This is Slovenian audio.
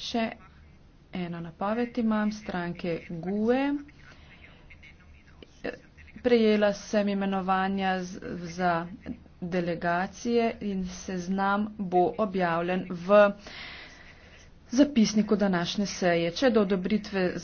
Še eno napoved imam stranke GUE. Prejela sem imenovanja za delegacije in seznam bo objavljen v zapisniku današnje seje. Če do odobritve